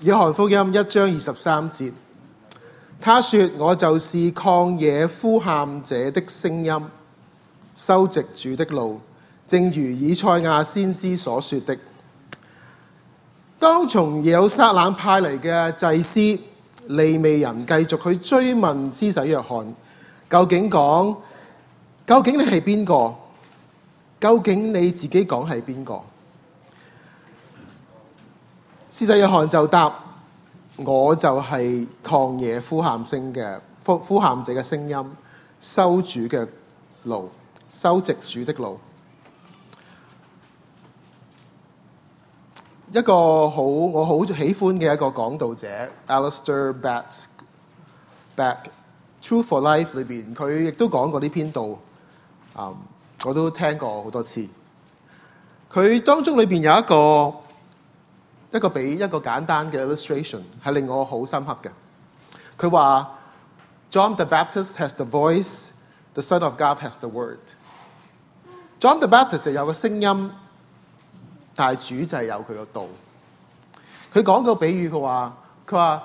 約翰福音一章二十三節，他說：我就是曠野呼喊者的聲音，修直主的路，正如以賽亞先知所說的。當從耶路撒冷派嚟嘅祭司利未人繼續去追問施洗約翰，究竟講，究竟你係邊個？究竟你自己講係邊個？施洗約翰就答：我就係曠野呼喊聲嘅呼喊者嘅聲音，修主嘅路，修直主的路。一個好我好喜歡嘅一個講道者 Alistair Begg Truth for Life 裏面，佢亦都講過呢篇道。我都聽過好多次。佢當中裏面有一個。一個比一個簡單嘅 illustration 係令我好深刻嘅。佢話：John the Baptist has the voice，the son of God has the word。John the Baptist 有個聲音，但係主就係有佢個道。佢講個比喻，佢話：佢話，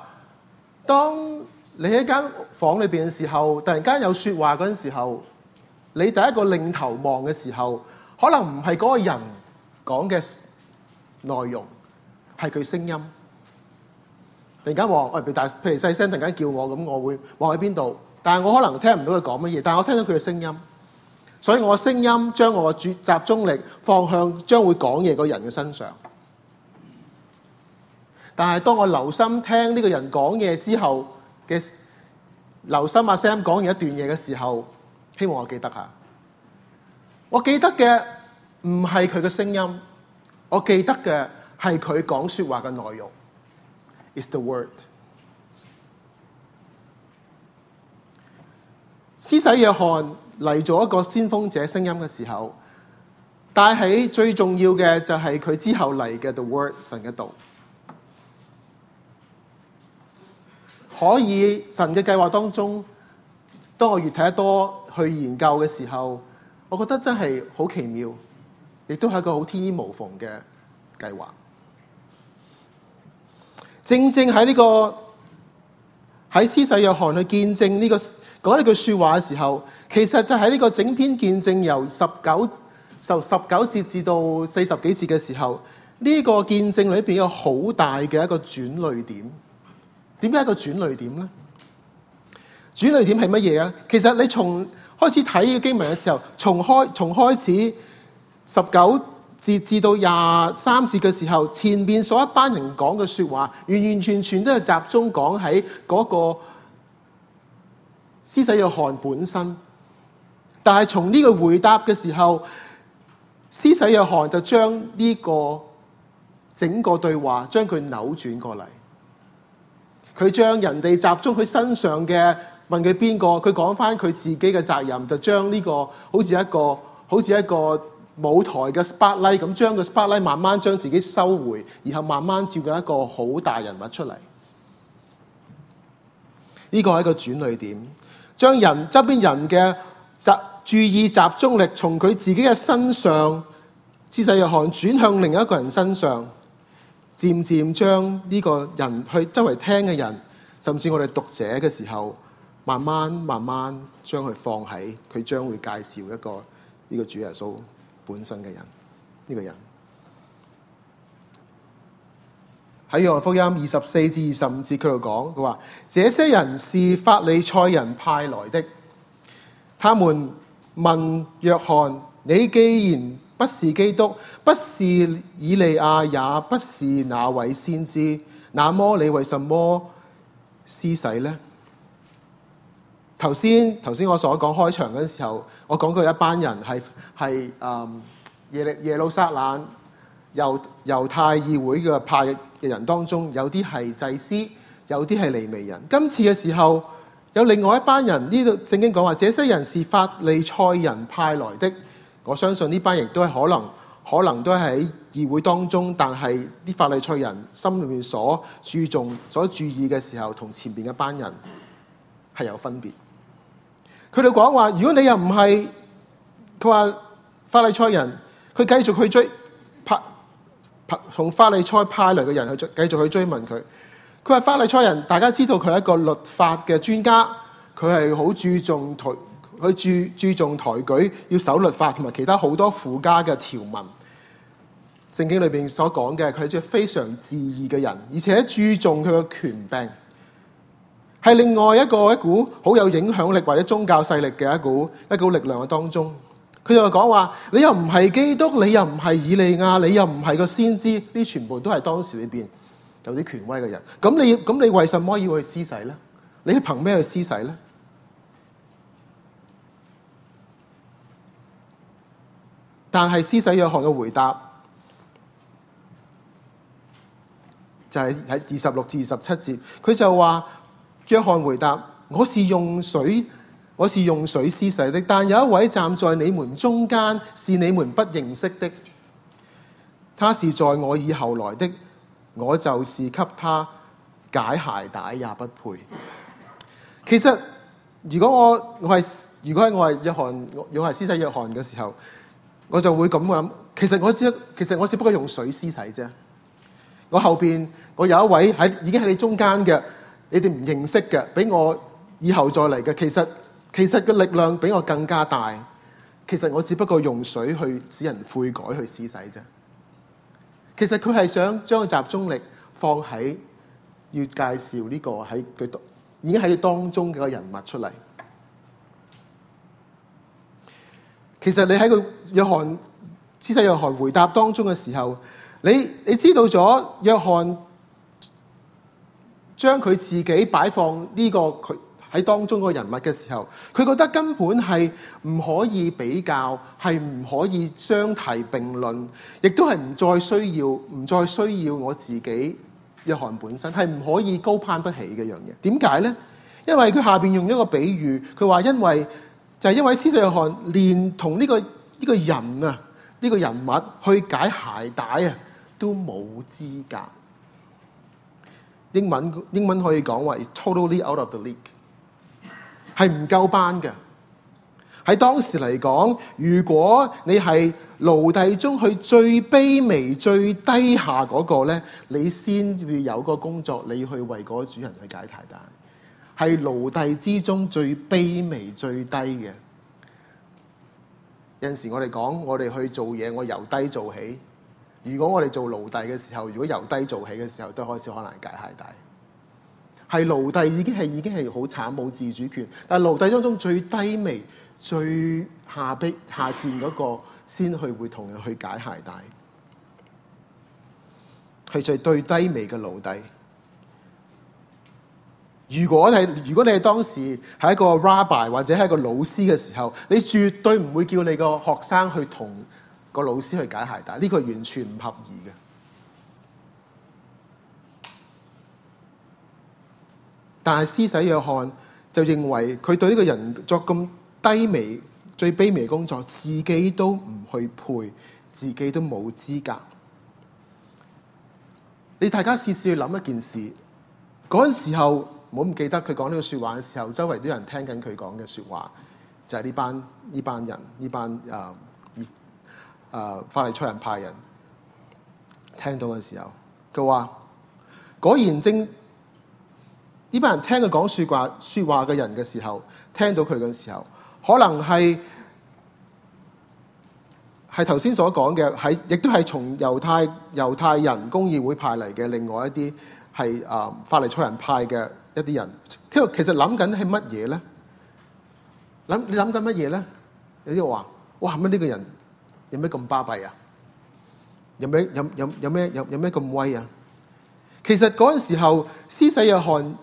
當你喺間房裏邊嘅時候，突然間有說話嗰陣時候，你第一個擰頭望嘅時候，可能唔係嗰個人講嘅內容。係佢聲音，突然間話，我譬如大譬如細聲，突然間叫我咁，我會話喺邊度？但係我可能聽唔到佢講乜嘢，但係我聽到佢嘅聲音，所以我嘅聲音將我嘅注集中力放向將會講嘢嗰人嘅身上。但係當我留心聽呢個人講嘢之後嘅留心阿 Sam 講完一段嘢嘅時候，希望我記得吓。我記得嘅唔係佢嘅聲音，我記得嘅。係佢講說話嘅內容，is the word。施洗約翰嚟做一個先鋒者聲音嘅時候，但係最重要嘅就係佢之後嚟嘅 the word 神嘅道可以神嘅計劃當中，當我越睇得多去研究嘅時候，我覺得真係好奇妙，亦都係一個好天衣無縫嘅計劃。正正喺呢個喺施洗約翰去見證呢個講呢句説話嘅時候，其實就喺呢個整篇見證由十九受十九節至到四十幾節嘅時候，呢個見證裏面有好大嘅一個轉捩點。點解個轉捩點呢？轉捩點係乜嘢啊？其實你從開始睇呢個經文嘅時候，從開從開始十九。截至到廿三節嘅時候，前面所一班人講嘅説話，完完全全都係集中講喺嗰個施洗約翰本身。但係從呢個回答嘅時候，施洗約翰就將呢個整個對話，將佢扭轉過嚟。佢將人哋集中佢身上嘅，問佢邊個，佢講返佢自己嘅責任，就將呢個好似一個好似一個舞台嘅 spotlight 咁，將個 spotlight 慢慢將自己收回，然後慢慢照緊一個好大人物出嚟。呢、這個係一個轉捩點，將人周邊人嘅集注意集中力從佢自己嘅身上，姿勢若寒轉向另一個人身上，漸漸將呢個人去周圍聽嘅人，甚至我哋讀者嘅時候，慢慢慢慢將佢放喺佢將會介紹一個呢、這個主耶穌。本身嘅人呢、這個人喺《約翰福音》二十四至二十五節，佢度講佢話：這些人是法利賽人派來的，他們問約翰：你既然不是基督，不是以利亞，也不是那位先知，那麼你為什麼施洗呢？」頭先頭先我所講開場嗰陣時候，我講過一班人係係誒耶利耶路撒冷猶猶太議會嘅派嘅人當中，有啲係祭司，有啲係利未人。今次嘅時候，有另外一班人呢度正經講話，這些人是法利賽人派來的。我相信呢班人亦都係可能可能都係喺議會當中，但係啲法利賽人心裏面所注重所注意嘅時候，同前邊一班人係有分別。佢哋講話，如果你又唔係，佢話法利賽人，佢繼續去追派派，從法利賽派嚟嘅人去追，繼續去追問佢。佢話法利賽人，大家知道佢係一個律法嘅專家，佢係好注重台，佢注注重抬舉，要守律法同埋其他好多附加嘅條文。聖經裏邊所講嘅，佢係一個非常自義嘅人，而且注重佢嘅權柄。係另外一個一股好有影響力或者宗教勢力嘅一股一股力量嘅當中，佢就講話：你又唔係基督，你又唔係以利亞，你又唔係個先知，呢全部都係當時裏邊有啲權威嘅人。咁你咁你為什麼要去施洗呢？你憑咩去施洗呢？」但係施洗約翰嘅回答就係喺二十六至二十七節，佢就話。約翰回答：我是用水，我是用水施洗的。但有一位站在你們中間，是你們不認識的，他是在我以後來的。我就是給他解鞋帶，也不配。其實，如果我我係如果我係約翰，我係施洗約翰嘅時候，我就會咁諗。其實我只其實我只不過用水施洗啫。我後邊我有一位喺已經喺你中間嘅。你哋唔認識嘅，比我以後再嚟嘅。其實其實嘅力量比我更加大。其實我只不過用水去使人悔改、去施洗啫。其實佢係想將集中力放喺要介紹呢、這個喺佢當已經喺佢當中嘅人物出嚟。其實你喺佢約翰施洗約翰回答當中嘅時候，你你知道咗約翰。將佢自己擺放呢個佢喺當中嗰人物嘅時候，佢覺得根本係唔可以比較，係唔可以相提並論，亦都係唔再需要，唔再需要我自己約翰本身係唔可以高攀得起嘅樣嘢。點解呢？因為佢下邊用一個比喻，佢話因為就係因為施洗約翰連同呢個呢個人啊呢個人物去解鞋帶啊都冇資格。英文英文可以講為 totally out of the league，係唔夠班嘅。喺當時嚟講，如果你係奴隸中去最卑微、最低下嗰、那個咧，你先會有個工作，你去為嗰主人去解鞋帶。係奴隸之中最卑微、最低嘅。有陣時我哋講，我哋去做嘢，我由低做起。如果我哋做奴隸嘅時候，如果由低做起嘅時候，都開始可能解鞋帶。係奴隸已經係已經係好慘，冇自主權。但係奴隸當中最低微、最下卑、下賤嗰、那個，先去會同人去解鞋帶。係最最低微嘅奴隸。如果係如果你係當時係一個 rabbi 或者係一個老師嘅時候，你絕對唔會叫你個學生去同。那個老師去解鞋帶，呢、這個完全唔合宜嘅。但係施洗約翰就認為佢對呢個人作咁低微、最卑微嘅工作，自己都唔去配，自己都冇資格。你大家試試去諗一件事，嗰陣時候唔好唔記得佢講呢個説話嘅時候，周圍都有人聽緊佢講嘅説話，就係呢班呢班人呢班誒。誒，法利賽人派人聽到嘅時候，佢話果然正呢班人聽佢講説話説話嘅人嘅時候，聽到佢嘅時候，可能係係頭先所講嘅，喺亦都係從猶太猶太人公議會派嚟嘅另外一啲係誒法利賽人派嘅一啲人。佢其實諗緊係乜嘢咧？諗你諗緊乜嘢咧？有啲話哇，咁、這、呢個人。有咩咁巴閉啊？有咩有有有咩有有咩咁威啊？其實嗰陣時候，施洗約翰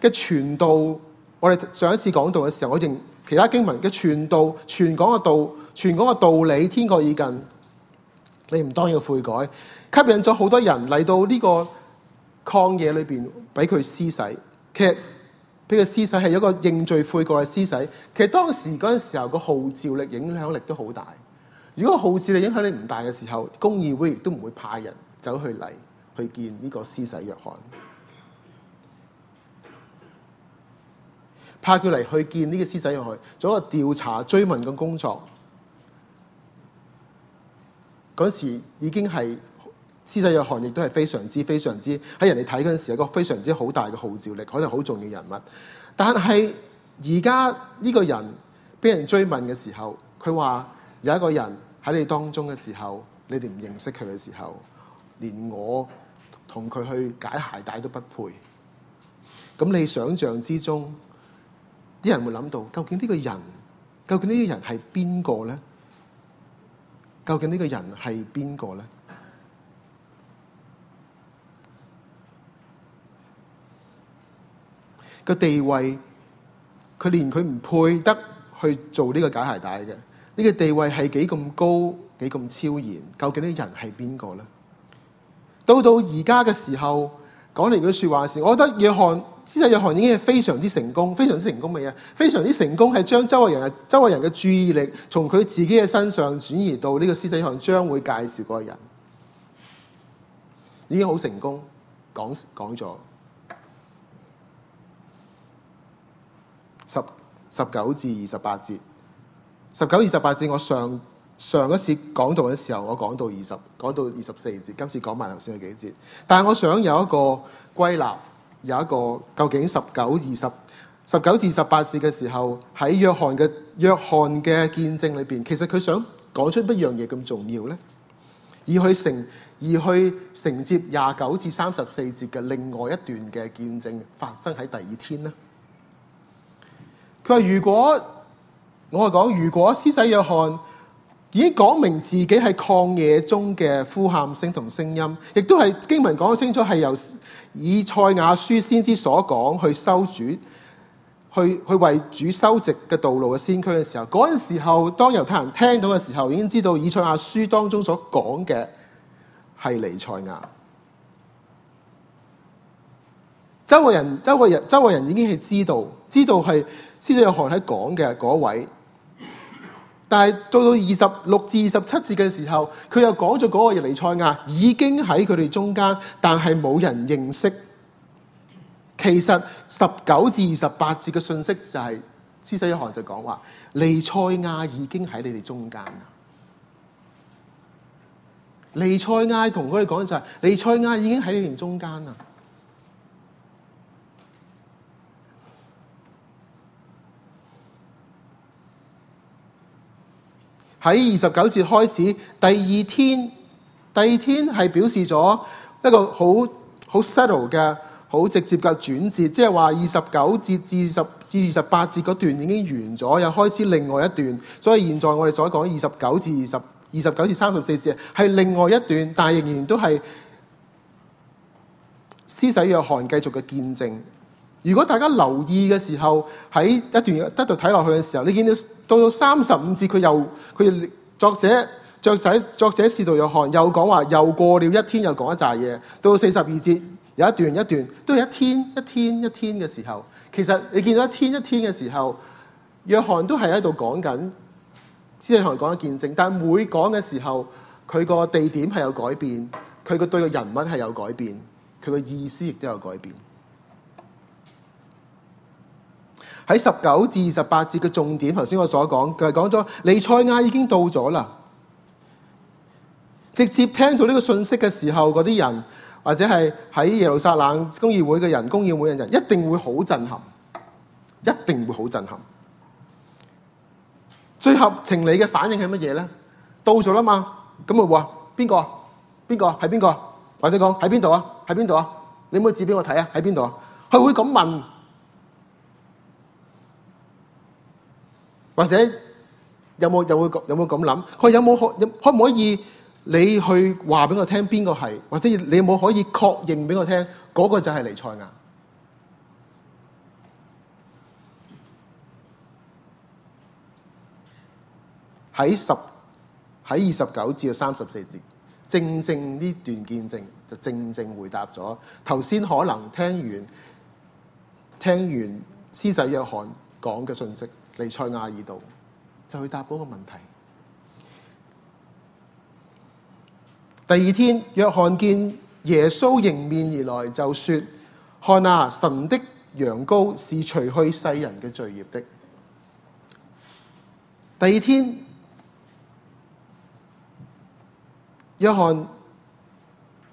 嘅傳道，我哋上一次講到嘅時候，我認其他經文嘅傳道、傳講嘅道、傳講嘅道理，天國已近，你唔當要悔改，吸引咗好多人嚟到呢個曠野裏邊俾佢施洗。其實俾佢施洗係一個認罪悔過嘅施洗。其實當時嗰陣時候個號召力、影響力都好大。如果號召力影響力唔大嘅時候，公議會亦都唔會派人走去嚟去見呢個施洗約翰，派佢嚟去見呢個施洗約翰，做一個調查追問嘅工作。嗰時已經係施洗約翰亦都係非常之非常之喺人哋睇嗰陣時候，有一個非常之好大嘅號召力，可能好重要人物。但係而家呢個人俾人追問嘅時候，佢話有一個人。喺你當中嘅時候，你哋唔認識佢嘅時候，連我同佢去解鞋帶都不配。咁你想象之中，啲人會諗到，究竟呢個人，究竟呢個人係邊個咧？究竟呢個人係邊個咧？個地位，佢連佢唔配得去做呢個解鞋帶嘅。呢、這個地位係幾咁高，幾咁超然？究竟呢個人係邊個呢？到到而家嘅時候講嚟句說話時，我覺得約翰，施洗約翰已經係非常之成功，非常之成功嘅嘢，非常之成功係將周圍人、周圍人嘅注意力從佢自己嘅身上轉移到呢個施洗約翰將會介紹嗰個人，已經好成功，講講咗十十九至二十八節。十九、二十八節，我上上一次講到嘅時候，我講到二十，講到二十四節。今次講埋頭先係幾節，但係我想有一個歸納，有一個究竟十九、二十、十九至十八節嘅時候，喺約翰嘅約翰嘅見證裏邊，其實佢想講出乜樣嘢咁重要呢？而去承而去承接廿九至三十四節嘅另外一段嘅見證發生喺第二天呢？佢話如果。我係講，如果施洗約翰已經講明自己係曠野中嘅呼喊聲同聲音，亦都係經文講得清楚係由以賽亞書先知所講去修主，去去為主修直嘅道路嘅先驅嘅時候，嗰陣時候，當猶太人聽到嘅時候，已經知道以賽亞書當中所講嘅係尼賽亞。周個人、周個人、周個人已經係知道，知道係施洗約翰喺講嘅嗰位。但係到到二十六至二十七節嘅時候，佢又講咗嗰個彌賽亞已經喺佢哋中間，但係冇人認識。其實十九至二十八節嘅信息就係、是施洗一行就講話，彌賽亞已經喺你哋中間啦。彌賽亞同佢哋講就係，彌賽亞已經喺你哋中間啦。喺二十九節開始，第二天，第二天係表示咗一個好好 settle 嘅、好直接嘅轉折，即係話二十九節至十、二十八節嗰段已經完咗，又開始另外一段。所以現在我哋所講二十九至二十、二十九至三十四節係另外一段，但係仍然都係施洗約翰繼續嘅見證。如果大家留意嘅時候，喺一段一度睇落去嘅時候，你見到到到三十五節，佢又佢作者著仔作者施洗約翰又講話，又過了一天，又講一扎嘢。到四十二節有一段一段都係一天一天一天嘅時候。其實你見到一天一天嘅時候，約翰都係喺度講緊，知道約翰講嘅見證，但係每講嘅時候，佢個地點係有改變，佢個對嘅人物係有改變，佢嘅意思亦都有改變。喺十九至二十八節嘅重點，頭先我所講，佢係講咗彌賽亞已經到咗啦。直接聽到呢個信息嘅時候，嗰啲人或者係喺耶路撒冷公義會嘅人，公義會嘅人一定會好震撼，一定會好震撼。最合情理嘅反應係乜嘢咧？到咗啦嘛，咁啊話邊個？邊個？喺邊個？或者講喺邊度啊？喺邊度啊？你冇指俾我睇啊？喺邊度啊？佢會咁問。或者有冇又會有冇咁諗？佢有冇可可唔可以你去話俾我聽邊個係？或者你有冇可以確認俾我聽嗰個就係彌賽亞？喺十喺二十九至三十四節，正正呢段見證就正正回答咗頭先。可能聽完聽完施洗約翰講嘅信息。嚟塞亞爾度，就去答嗰個問題。第二天，約翰見耶穌迎面而來，就說：看啊，神的羊羔是除去世人嘅罪孽的。第二天，約翰，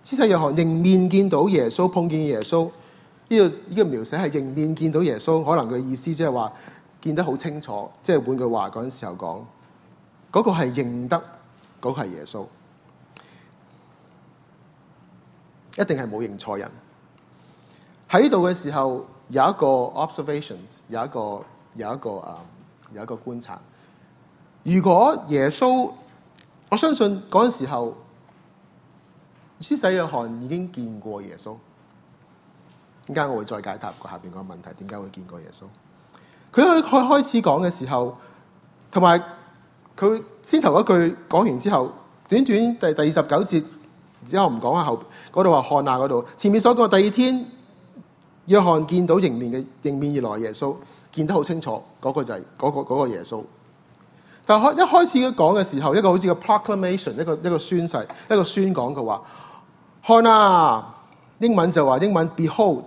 仔細，約翰迎面見到耶穌，碰見耶穌呢個呢個描寫係迎面見到耶穌，可能佢意思即係話。見得好清楚，即係換句話，嗰陣時候講，嗰、嗰個係認得，嗰、嗰個係耶穌，一定係冇認錯人。喺度嘅時候有一個 observations，有一個有一個啊、um, 有一個觀察。如果耶穌，我相信嗰陣時候，施洗約翰已經見過耶穌，點解我會再解答下邊個問題？點解會見過耶穌？佢開開始講嘅時候，同埋佢先頭一句講完之後，短短第第二十九節，然之後唔講喺後嗰度話看哪嗰度。前面所講第二天，約翰見到迎面嘅迎面而來耶穌，見得好清楚，嗰個就係嗰個嗰個耶穌。但開一開始佢講嘅時候，一個好似個 proclamation，一個一個宣誓，一個宣講嘅話，看哪，英文就話英文 behold。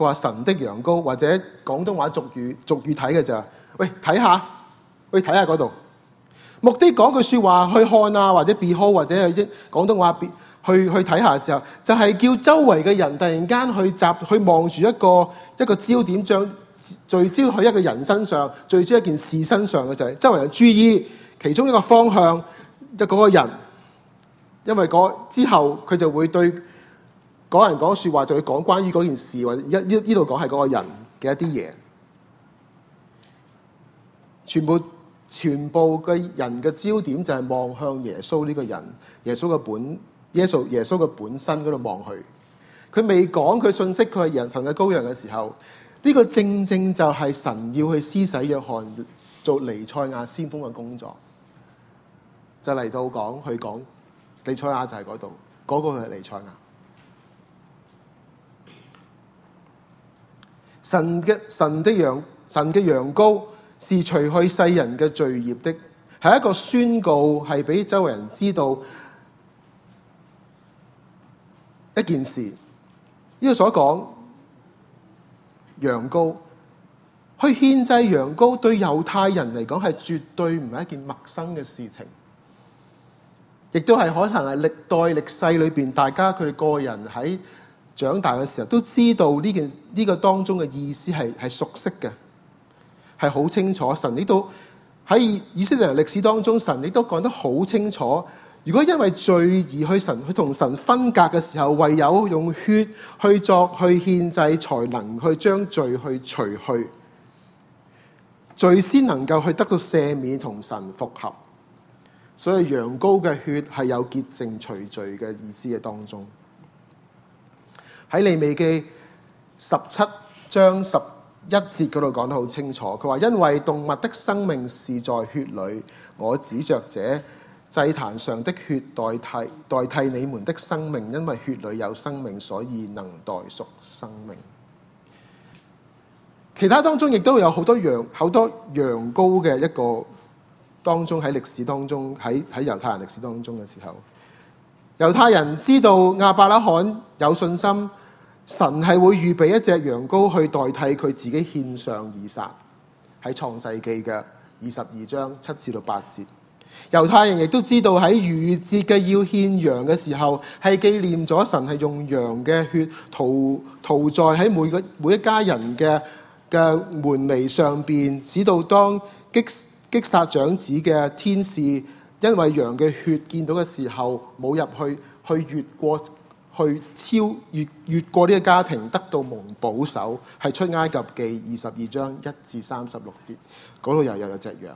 佢話神的羊羔，或者廣東話俗語俗語睇嘅就，喂睇下，喂睇下嗰度目的講句説話去看啊，或者 behold，或者一廣東話，去去睇下嘅時候，就係、是、叫周圍嘅人突然間去集去望住一個一個焦點，將聚焦去一個人身上，聚焦一件事身上嘅就係、是、周圍人注意其中一個方向，一、就、嗰、是、個人，因為、那個、之後佢就會對。講人講說話，就會講關於嗰件事，或者一呢度講係嗰個人嘅一啲嘢。全部全部嘅人嘅焦點就係望向耶穌呢個人，耶穌嘅本耶穌耶穌嘅本身嗰度望去。佢未講佢信息，佢係人神嘅羔羊嘅時候，呢個正正就係神要去施洗約翰做尼賽亞先鋒嘅工作，就嚟到講去講尼賽亞就係嗰度，嗰個係尼賽亞。神嘅神的羊，神嘅羊羔是除去世人嘅罪孽的，係一個宣告，係俾周圍人知道一件事。呢個所講羊羔，去獻祭羊羔，對猶太人嚟講係絕對唔係一件陌生嘅事情，亦都係可能係歷代歷世裏邊，大家佢哋個人喺。長大嘅時候都知道呢件呢個當中嘅意思係係熟悉嘅，係好清楚。神你都喺以色列歷史當中，神你都講得好清楚。如果因為罪而去神去同神分隔嘅時候，唯有用血去作去獻祭，才能去將罪去除去，罪先能夠去得到赦免同神復合。所以羊羔嘅血係有潔淨除罪嘅意思嘅當中。喺利未記十七章十一節嗰度講得好清楚，佢話，因為動物的生命是在血裏，我指着這祭壇上的血代替代替你們的生命，因為血裏有生命，所以能代贖生命。其他當中亦都有好多羊好多羊羔嘅一個當中喺歷史當中喺喺猶太人歷史當中嘅時候，猶太人知道亞伯拉罕有信心。神係會預備一隻羊羔去代替佢自己獻上而殺，喺創世記嘅二十二章七至到八節。猶太人亦都知道喺逾越節嘅要獻羊嘅時候，係紀念咗神係用羊嘅血塗塗在喺每個每一家人嘅嘅門楣上邊，使到當擊擊殺長子嘅天使因為羊嘅血見到嘅時候冇入去去越過去超越、越過呢個家庭，得到蒙保守，係出埃及記二十二章一至三十六節，嗰度又有隻羊。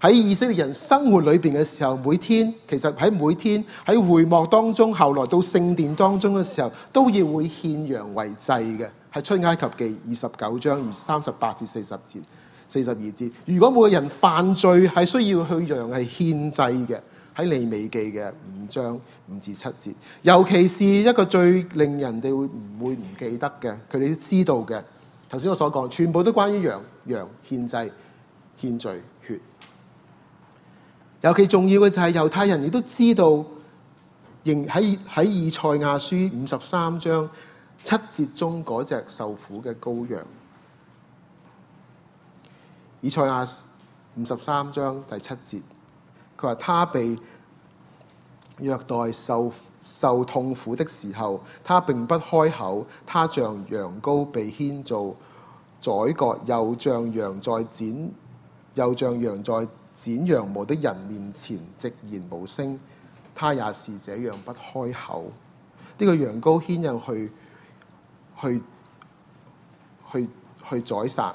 喺以色列人生活裏邊嘅時候，每天其實喺每天喺會幕當中，後來到聖殿當中嘅時候，都要會獻羊為祭嘅，係出埃及記二十九章二三十八至四十節、四十二節。如果每個人犯罪，係需要去羊係獻祭嘅。喺利未記嘅五章五至七節，尤其是一個最令人哋會唔會唔記得嘅，佢哋都知道嘅。頭先我所講，全部都關於羊、羊獻祭、獻罪血。尤其重要嘅就係猶太人亦都知道，仍喺喺以賽亞書五十三章七節中嗰隻受苦嘅羔羊。以賽亞五十三章第七節。佢話：他被虐待受、受受痛苦的時候，他並不開口。他像羊羔被牽做宰割，又像羊在剪，又像羊在剪羊毛的人面前寂然無聲。他也是這樣不開口。呢、這個羊羔牽人去，去去去宰殺。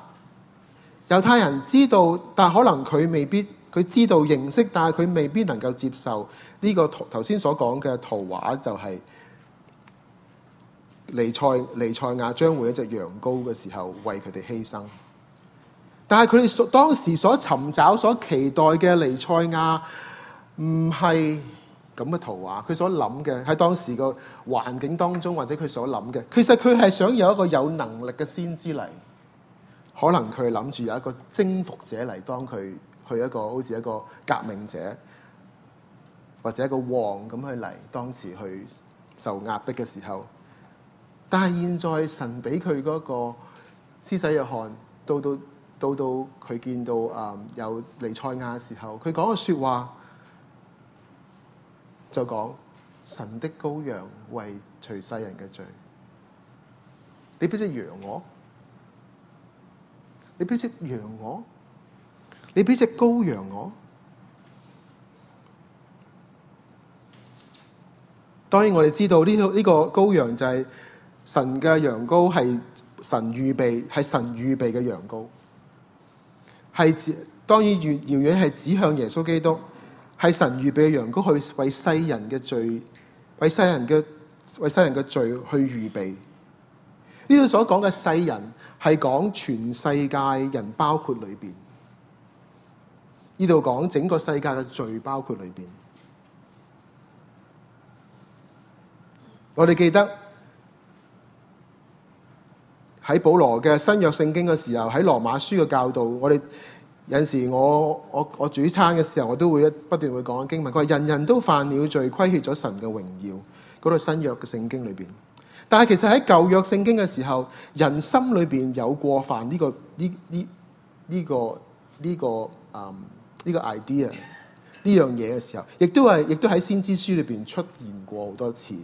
猶太人知道，但可能佢未必。佢知道認識，但係佢未必能夠接受呢個頭頭先所講嘅圖畫，就係彌賽彌賽亞將會一隻羊羔嘅時候為佢哋犧牲。但係佢哋當時所尋找、所期待嘅彌賽亞，唔係咁嘅圖畫。佢所諗嘅喺當時個環境當中，或者佢所諗嘅，其實佢係想有一個有能力嘅先知嚟，可能佢諗住有一個征服者嚟當佢。佢一個好似一個革命者，或者一個王咁去嚟，當時去受壓迫嘅時候。但係現在神俾佢嗰個施洗約翰，到到到到佢見到啊、嗯、有尼賽亞嘅時候，佢講嘅説話就講神的羔羊為除世人嘅罪，你必須養我，你必須養我。你俾隻羔羊我，啊，當然我哋知道呢，呢個呢，呢個羔羊就係神嘅羊，羊羔，係神預備係神預備嘅羊羔，係當然遙遠係指向耶穌基督，係神預備嘅羊羔去為世人嘅罪，為世人嘅為世人嘅罪去預備。呢度所講嘅世人係講全世界人，包括裏邊。呢度講整個世界嘅罪，包括裏邊。我哋記得喺保羅嘅新約聖經嘅時候，喺羅馬書嘅教導，我哋有陣時我我我主餐嘅時候，我都會不斷會講經文。佢話人人都犯了罪，虧欠咗神嘅榮耀，嗰、那個、新約嘅聖經裏邊。但係其實喺舊約聖經嘅時候，人心裏邊有過犯呢、這個呢呢呢個呢、這個啊。這個嗯呢、這個 idea，呢樣嘢嘅時候，亦都係，亦都喺先知書裏邊出現過好多次。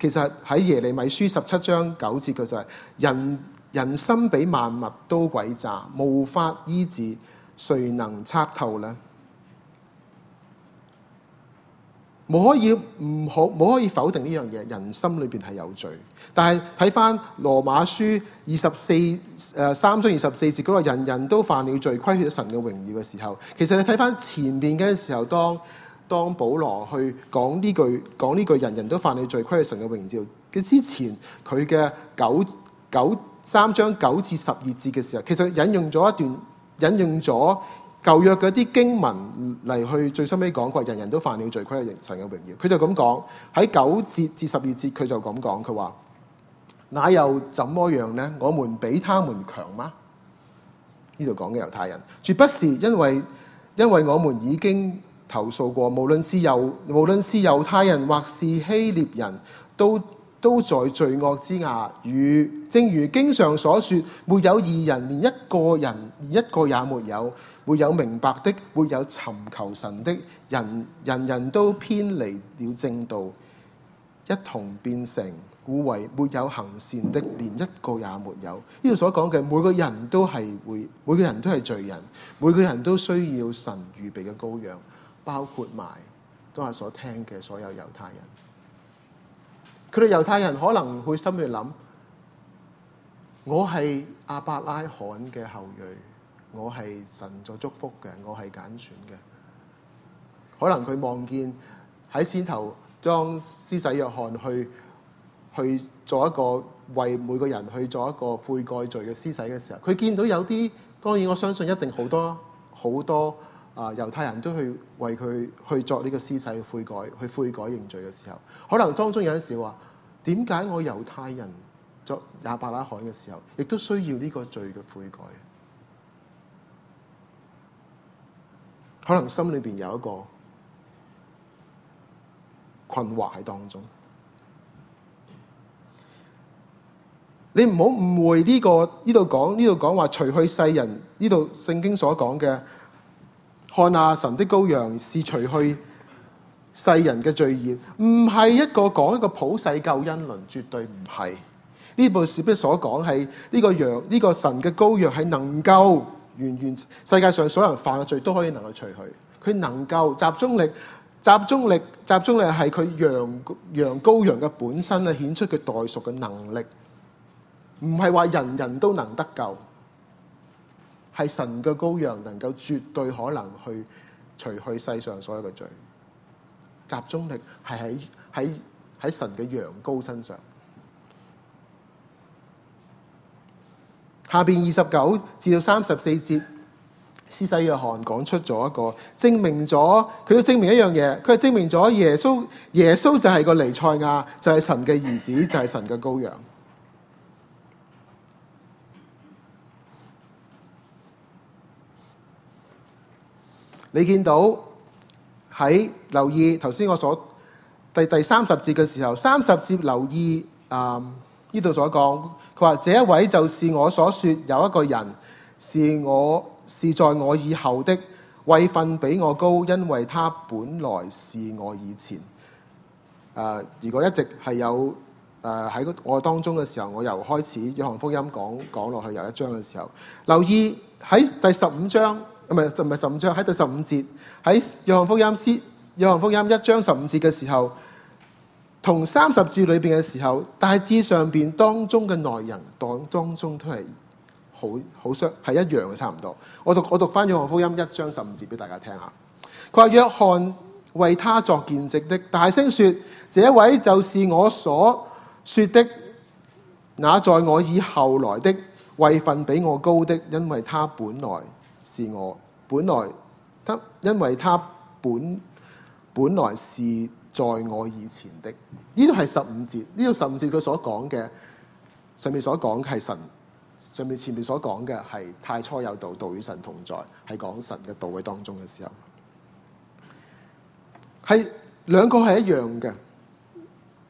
其實喺耶利米書十七章九節，就是，叫就係人人心比萬物都詭詐，無法醫治，誰能測透呢？冇可以唔可冇可以否定呢樣嘢，人心裏邊係有罪。但係睇翻羅馬書二十四，誒三章二十四節嗰個，人人都犯了罪，虧欠神嘅榮耀嘅時候，其實你睇翻前面嗰陣時候，當當保羅去講呢句，講呢句人人都犯了罪，虧欠神嘅榮耀嘅之前，佢嘅九九三章九至十二節嘅時候，其實引用咗一段引用咗。舊約嗰啲經文嚟去最深屘講過，人人都犯了罪規，形神嘅榮耀。佢就咁講，喺九節至十二節佢就咁講，佢話：那又怎麼樣呢？我們比他們強嗎？呢度講嘅猶太人，絕不是因為因為我們已經投訴過，無論是猶無論是猶太人或是希臘人都。都在罪惡之下。如正如經常所說，沒有義人，連一個人，連一個也沒有，沒有明白的，沒有尋求神的人，人人都偏離了正道，一同變成故為沒有行善的，連一個也沒有。呢度所講嘅每個人都係會，每個人都係罪人，每個人都需要神預備嘅羔羊，包括埋當日所聽嘅所有猶太人。佢哋猶太人可能會心裏諗：我係亞伯拉罕嘅後裔，我係神所祝福嘅，我係揀選嘅。可能佢望見喺先頭將施洗約翰去去做一個為每個人去做一個悔改罪嘅施洗嘅時候，佢見到有啲當然我相信一定好多好多。很多啊！猶太人都去為佢去作呢個施洗悔改，去悔改認罪嘅時候，可能當中有陣時話：點解我猶太人作亞伯拉罕嘅時候，亦都需要呢個罪嘅悔改？可能心裏面有一個困惑喺當中。你唔好誤會呢個呢度講呢度講話，呢度講除去世人呢度聖經所講嘅。看啊，神的羔羊是除去世人嘅罪孽，唔係一個講一個普世救恩論，絕對唔係。呢部書碑所講係，是、這、呢個羊，呢、這個神嘅羔羊係能夠完完全世界上所有人犯嘅罪都可以能夠除去，佢能夠集中力、集中力、集中力係佢羊羊羔羊嘅本身啊，顯出佢代贖嘅能力，唔係話人人都能得救。係神嘅羔羊，能夠絕對可能去除去世上所有嘅罪，集中力係喺喺喺神嘅羊羔身上。下邊二十九至到三十四節，施洗約翰講出咗一個證明咗，佢要證明一樣嘢，佢係證明咗耶穌耶穌就係個彌賽亞，就係、是、神嘅兒子，就係、是、神嘅羔羊。你見到喺留意頭先我所第第三十節嘅時候，三十節留意啊呢度所講，佢話這一位就是我所說有一個人是我是在我以後的位份比我高，因為他本來是我以前。誒、呃，如果一直係有誒喺、呃、我當中嘅時候，我由開始約翰福音講講落去又一章嘅時候，留意喺第十五章。唔係，就唔係十五章，喺第十五節喺約翰福音，約翰福音一章十五節嘅時候，同三十節裏邊嘅時候大致上邊當中嘅內容當當中都係好好相係一樣嘅，差唔多。我讀我讀翻約翰福音一章十五節俾大家聽下。佢話，約翰為他作見證的，大聲説：這位就是我所説的那在我以後來的，位份比我高的，因為他本來。是我本來他，因為他本本來是在我以前的。呢度係十五節，呢度十五節佢所講嘅上面所講嘅係神，上面前面所講嘅係太初有道，道與神同在，係講神嘅道位當中嘅時候，係兩個係一樣嘅。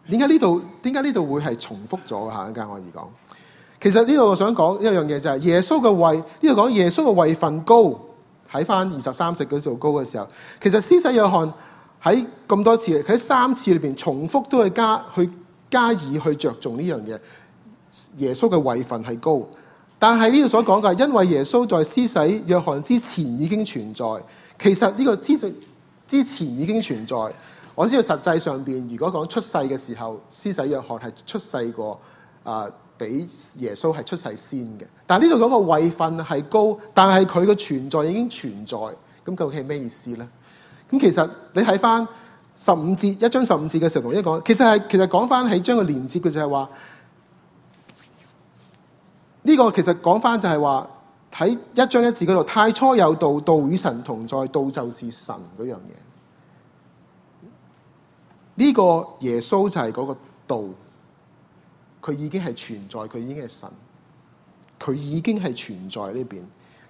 點解呢度點解呢度會係重複咗？下一間我而講。其實呢度我想講一樣嘢，就係耶穌嘅位，呢度講耶穌嘅位份高，喺翻二十三食嗰度高嘅時候，其實施洗約翰喺咁多次，喺三次裏邊重複都係加去加以去着重呢樣嘢。耶穌嘅位份係高，但係呢度所講嘅係因為耶穌在施洗約翰之前已經存在，其實呢個施洗之前已經存在。我知道實際上邊如果講出世嘅時候，施洗約翰係出世過啊。呃俾耶穌係出世先嘅，但係呢度嗰個位份係高，但係佢嘅存在已經存在，咁究竟係咩意思呢？咁其實你睇翻十五節一章十五節嘅時候同一講，其實係其實講翻喺將個連接，嘅，就係話呢個其實講翻就係話睇一章一字嗰度，太初有道，道與神同在，道就是神嗰樣嘢。呢、這個耶穌就係嗰個道。佢已經係存在，佢已經係神。佢已經係存在呢邊，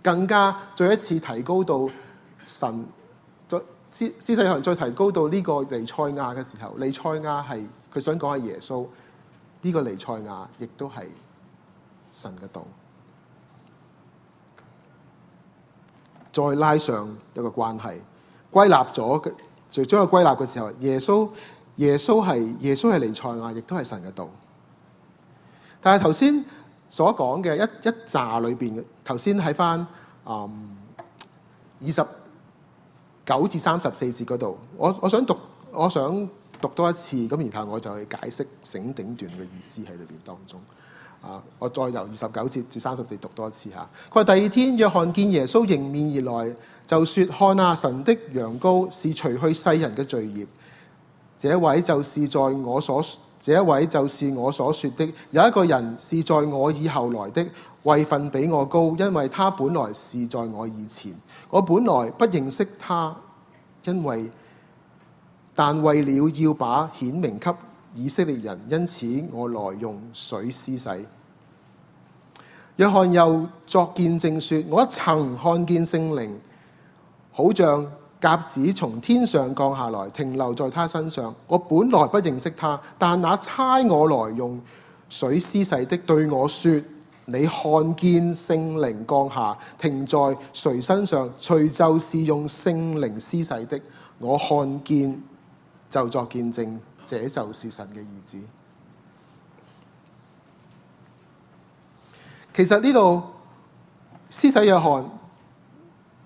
更加再一次提高到神。再斯斯世強再提高到呢個彌賽亞嘅時候，彌賽亞係佢想講係耶穌呢、這個彌賽亞，亦都係神嘅道。再拉上一個關係，歸納咗最將佢歸納嘅時候，耶穌耶穌係耶穌係彌賽亞，亦都係神嘅道。但係頭先所講嘅一一詛裏邊，頭先喺翻嗯二十九至三十四節嗰度，我我想讀我想讀多一次，咁然後我就去解釋整頂段嘅意思喺裏邊當中。啊，我再由二十九節至三十四讀多一次嚇。佢話：第二天，約翰見耶穌迎面而來，就說：看哪，神的羔羊是除去世人嘅罪孽。」這位就是在我所這一位就是我所說的，有一個人是在我以後來的，位份比我高，因為他本來是在我以前。我本來不認識他，因為，但為了要把顯明給以色列人，因此我來用水施洗。約翰又作見證說，我曾看見聖靈，好像，鴿子從天上降下來，停留在他身上。我本來不認識他，但那差我來用水施洗的對我說：你看見聖靈降下，停在誰身上，誰就是用聖靈施洗的。我看見，就作見證，這就是神嘅兒子。其實呢度施洗約翰。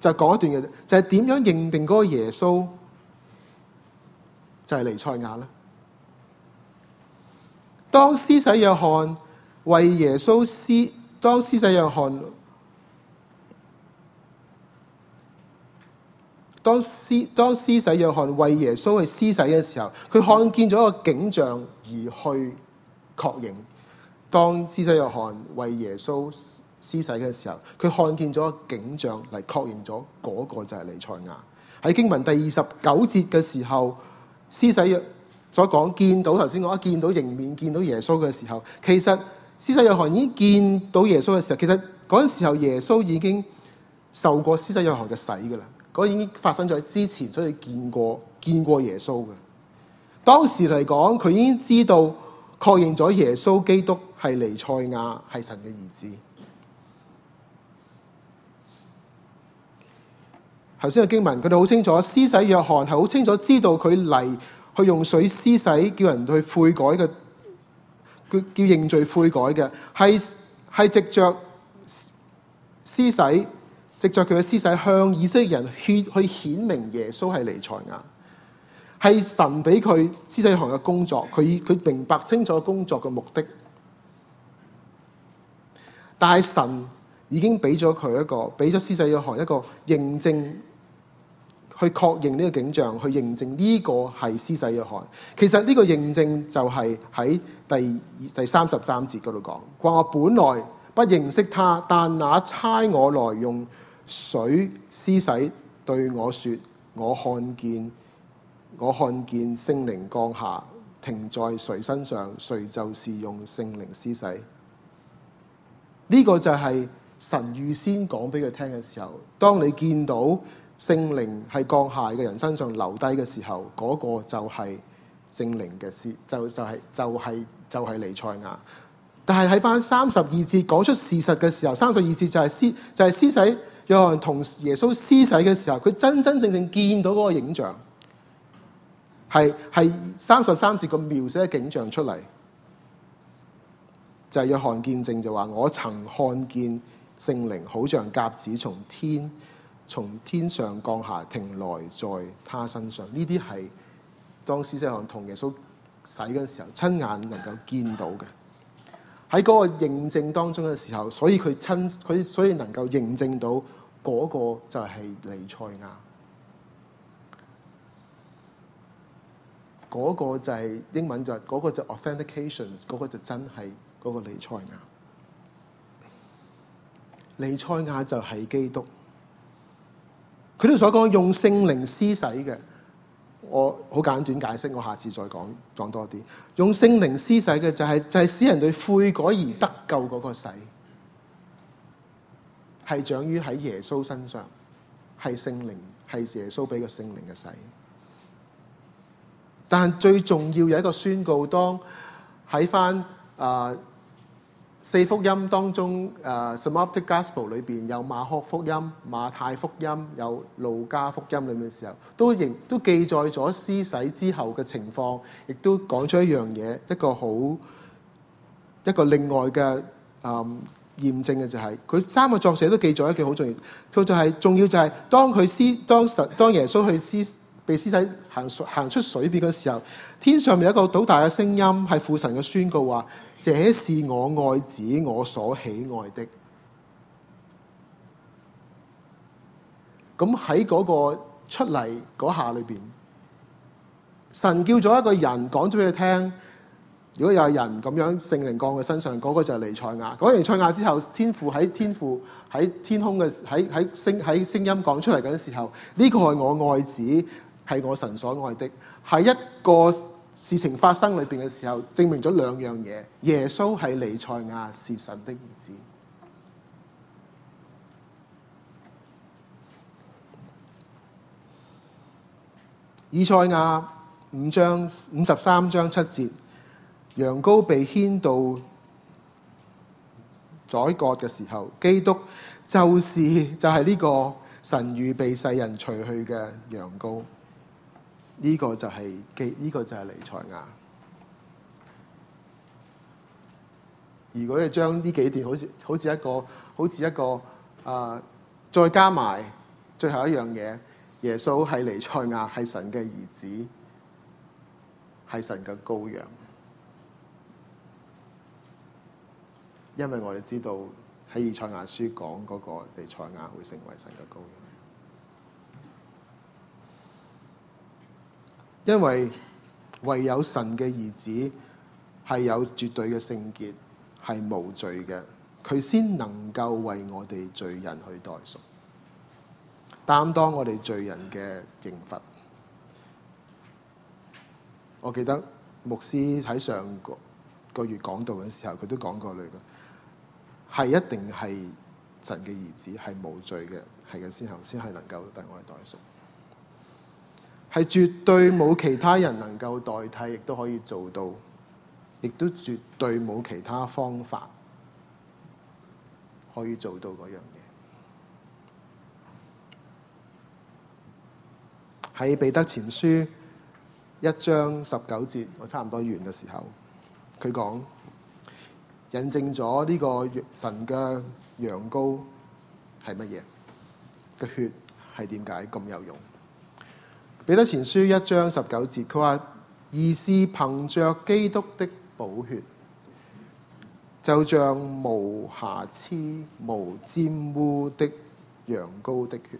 就講一段嘅，就係點樣認定嗰個耶穌就係彌賽亞咧？當施洗約翰為耶穌施，當施洗約翰，當施，當施洗約翰為耶穌去施洗嘅時候，佢看見咗個景象而去確認，當施洗約翰為耶穌。施洗嘅時候，佢看見咗個景象嚟確認咗嗰個就係尼賽亞。喺經文第二十九節嘅時候，施洗約所講見到頭先講，一見到，迎面見到耶穌嘅時候，其實施洗約翰已經見到耶穌嘅時候，其實嗰陣時候耶穌已經受過施洗約翰嘅洗噶啦，嗰個已經發生咗喺之前，所以見過，見過耶穌嘅當時嚟講，佢已經知道確認咗耶穌基督係尼賽亞，係神嘅兒子。頭先嘅經文，佢哋好清楚，施洗約翰係好清楚知道佢嚟去用水施洗叫人去悔改嘅，叫叫認罪悔改嘅，係係藉著施洗，藉著佢嘅施洗，向以色列人去去顯明耶穌係彌賽亞，係神俾佢施洗約翰嘅工作，佢佢明白清楚工作嘅目的，但係神已經俾咗佢一個，俾咗施洗約翰一個認證。去確認呢個景象，去認證呢個係施洗約翰。其實呢個認證就係喺第第三十三節嗰度講話，我本來不認識他，但那差我來用水施洗，對我説：我看見，我看見聖靈降下，停在誰身上，誰就是用聖靈施洗。呢、呢個就係神預先講俾佢聽嘅時候。當你見到。聖靈喺降下嘅人身上留低嘅時候，嗰、那個就係聖靈嘅事，就就係、是、就係、是、就係尼賽亞。但係喺返三十二節講出事實嘅時候，三十二節就係施就係、是、施洗約翰同耶穌施洗嘅時候，佢真真正正見到嗰個影像，係係三十三節個描寫嘅景象出嚟，就係、是、約翰見證就話我曾看見聖靈好像鴿子從天。從天上降下，停來在他身上。呢啲係當施洗約翰同耶穌洗嗰陣時候，親眼能夠見到嘅。喺嗰個認證當中嘅時候，所以佢親佢所以能夠認證到嗰個就係彌賽亞。嗰個就係英文就係嗰個就 authentication，嗰個就真係嗰個彌賽亞。彌賽亞就係基督。佢哋所講用聖靈施洗嘅，我好簡短解釋，我下次再講講多啲。用聖靈施洗嘅就係就係使人對悔改而得救嗰個洗，係長於喺耶穌身上，係聖靈，係耶穌俾個聖靈嘅洗。但係最重要有一個宣告，當喺翻啊。呃四福音當中，誒 Synoptic Gospel 裏邊有馬可福音、馬太福音、有路加福音裏面嘅時候，都仍都記載咗施洗之後嘅情況，亦都講出一樣嘢，一個好一個另外嘅誒驗證嘅就係佢三個作者都記載一句好重要，佢就係重要就係當佢施當神當耶穌去施被施洗行行出水邊嘅時候，天上面有一個倒大嘅聲音，係父神嘅宣告話：這是我愛子，我所喜愛的。咁喺嗰個出嚟嗰下裏邊，神叫咗一個人講咗俾佢聽，如果有人咁樣聖靈降喺身上，嗰、那個就係尼賽亞。講完賽亞之後，天父喺天父喺天空嘅喺喺聲喺聲音講出嚟嘅時候，呢、這個係我愛子。係我神所愛的，喺一個事情發生裏邊嘅時候，證明咗兩樣嘢。耶穌係彌賽亞，是神的兒子。以賽亞五章五十三章七節，羊羔被牽到宰割嘅時候，基督就是就係、是、呢個神預備世人除去嘅羊羔。呢、這個就係、是、記，呢、這個就係彌賽亞。如果你將呢幾段好似好似一個好似一個啊，再加埋最後一樣嘢，耶穌係彌賽亞，係神嘅兒子，係神嘅羔羊。因為我哋知道喺以賽亞書講嗰個彌賽亞會成為神嘅羔羊。因為唯有神嘅兒子係有絕對嘅聖潔，係無罪嘅，佢先能夠為我哋罪人去代贖，擔當我哋罪人嘅刑罰。我記得牧師喺上個月講道嘅時候，佢都講過類似嘅，係一定係神嘅兒子係無罪嘅，係嘅先後先係能夠代我哋代贖。係絕對冇其他人能夠代替，亦都可以做到，亦都絕對冇其他方法可以做到嗰樣嘢。喺彼得前書一章十九節，我差唔多完嘅時候，佢講印證咗呢個神嘅羊羔係乜嘢嘅血係點解咁有用？彼得前書一章十九節，佢話：乃是憑着基督的寶血，就像無瑕疵、無玷污的羊羔的血。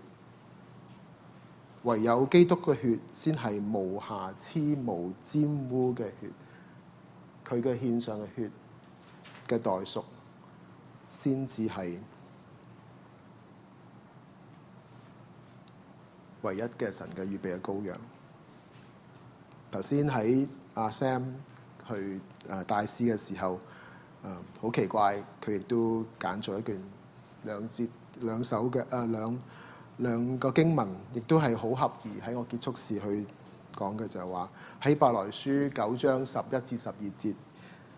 唯有基督嘅血先係無瑕疵、無玷污嘅血。佢嘅獻上嘅血嘅代贖，先至係。唯一嘅神嘅預備嘅羔羊。頭先喺阿 Sam 去大師嘅時候，誒好奇怪，佢亦都揀咗一段兩節兩首嘅誒兩兩個經文，亦都係好合宜。喺我結束時去講嘅就係話喺希伯來書九章十一至十二節，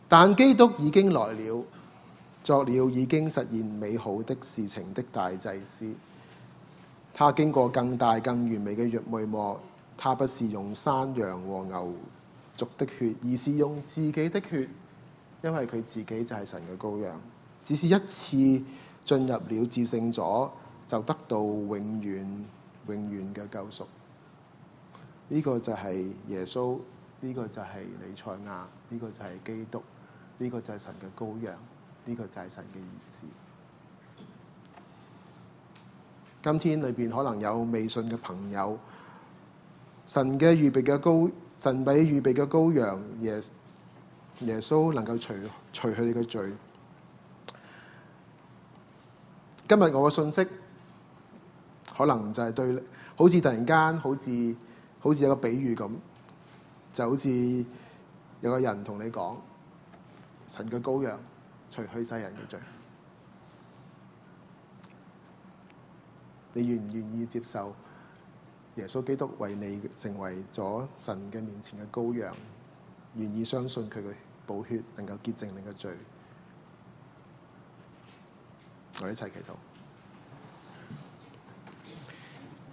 但基督已經來了，作了已經實現美好的事情的大祭司。他經過更大更完美嘅肉味磨，他不是用山羊和牛犢的血，而是用自己的血，因為佢自己就係神嘅羔羊，只是一次進入了，了，至聖所就得到永遠永遠嘅救贖。呢、這個就係耶穌，呢、這個就係彌賽亞，呢、這個就係基督，呢、這個就係神嘅羔羊，呢、這個就係神嘅兒子。今天裏邊可能有未信嘅朋友，神嘅預備嘅羔，神俾預備嘅羔羊耶，耶耶穌能夠除除去你嘅罪。今日我嘅信息，可能就係對，好似突然間，好似好似有個比喻咁，就好似有個人同你講，神嘅羔羊，除去世人嘅罪。你願唔願意接受耶穌基督為你成為咗神嘅面前嘅羔羊？願意相信佢嘅寶血能夠潔淨你嘅罪？我哋一齊祈禱，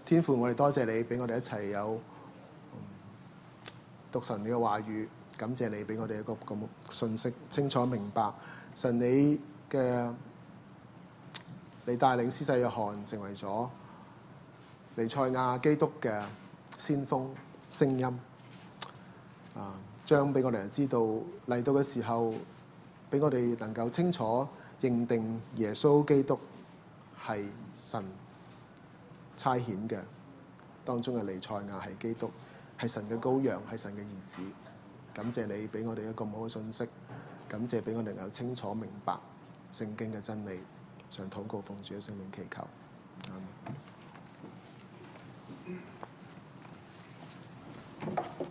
天父，我哋多謝你俾我哋一齊有、嗯、讀神你嘅話語，感謝你俾我哋一個咁信息清楚明白。神你嘅。你帶領施洗約翰成為咗彌賽亞基督嘅先鋒聲音，啊，將俾我哋知道嚟到嘅時候，俾我哋能夠清楚認定耶穌基督係神差遣嘅，當中嘅彌賽亞係基督係神嘅羔羊係神嘅兒子。感謝你俾我哋一個好嘅信息，感謝俾我哋能夠清楚明白聖經嘅真理。上禱告奉主嘅聖名祈求，Amen.